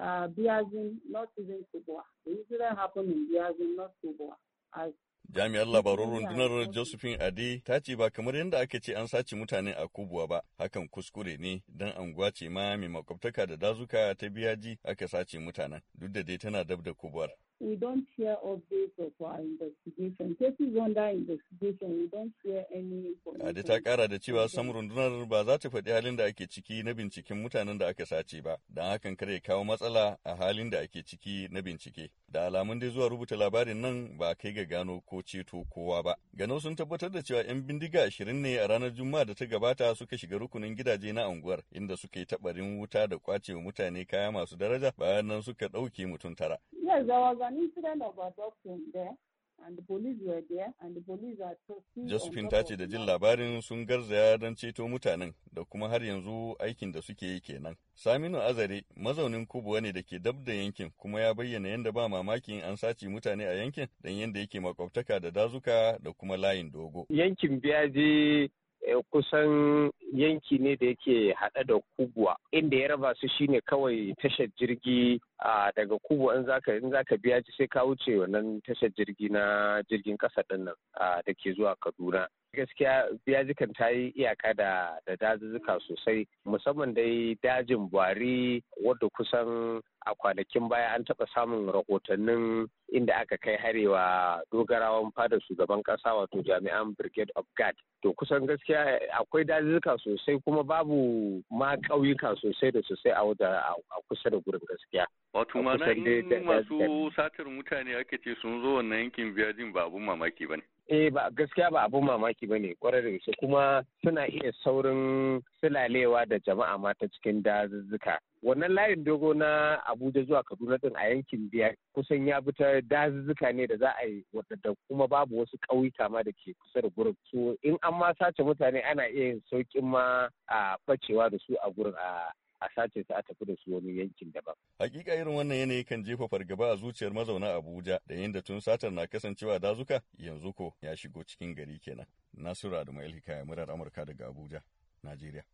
Uh, Jami'ar labarun rundunar Josephine Ade ta ce ba kamar yadda aka ce an sace mutane a Kubuwa ba, hakan kuskure ne don anguwa ce ma mai makwabtaka da dazuka ta biyaji aka sace mutanen, duk da dai tana dab da Kubuwar. we don't hear updates of our investigation. Cases under investigation, we don't hear any information. ta kara da cewa sam rundunar ba za ta faɗi halin da ake ciki na binciken mutanen da aka sace ba, don hakan kare kawo matsala a halin da ake ciki na bincike. Da alamun dai zuwa rubuta labarin nan ba kai ga gano ko ceto kowa ba. gano sun tabbatar da cewa 'yan bindiga ashirin ne a ranar Juma'a da ta gabata suka shiga rukunin gidaje na unguwar inda suka yi taɓarin wuta da kwacewa mutane kaya masu daraja bayan nan suka ɗauke mutum tara. Yes, there was an incident of there. and the police ce da jin labarin sun garzaya don ceto mutanen da kuma har yanzu aikin da suke yi kenan. Saminu Azare mazaunin Kubuwa ne da ke dab da yankin kuma ya bayyana yadda ba mamakin an saci mutane a yankin don yadda yake makwabtaka da dazuka da kuma layin dogo. Yankin Biyaje Eh, kusan yanki ne da yake haɗa da kubwa inda ya raba su shine kawai tashar jirgi daga kubwa in zaka in zaka biya ji sai ka wuce wannan tashar jirgi na jirgin ƙasa ɗin nan da ke zuwa kaduna gaskiya biyajikan ta yi iyaka da da dazuzzuka sosai musamman dai dajin buhari wadda kusan a kwanakin baya an taɓa samun rahotannin inda aka kai harewa dogarawan fada shugaban ƙasa wato jami'an brigade of guard to kusan gaskiya akwai dazuzzuka sosai kuma babu ma ƙauyuka sosai da sosai a kusa da gurin gaskiya wato mana in masu satar mutane ake ce sun zo wannan yankin biyajin ba abun mamaki ba ne eh ba gaskiya ba abun mamaki ba ne kwarar da kuma suna iya saurin silalewa da jama'a ma ta cikin dazuzzuka wannan layin dogo na abuja zuwa kaduna din a yankin biya kusan ya bi dazuzzuka ne da za a yi wadanda kuma babu wasu ƙauyuka ma da ke kusa da gurin so in an ma sace mutane ana iya yin saukin ma a bacewa da su a gurin a a sace su a tafi da su wani yankin daban. Hakika irin wannan yanayi kan jefa fargaba a zuciyar mazauna Abuja da yadda tun satar na kasancewa dazuka yanzu ko ya shigo cikin gari kenan. Nasiru Adamu Hikaya murar Amurka daga Abuja, Najeriya.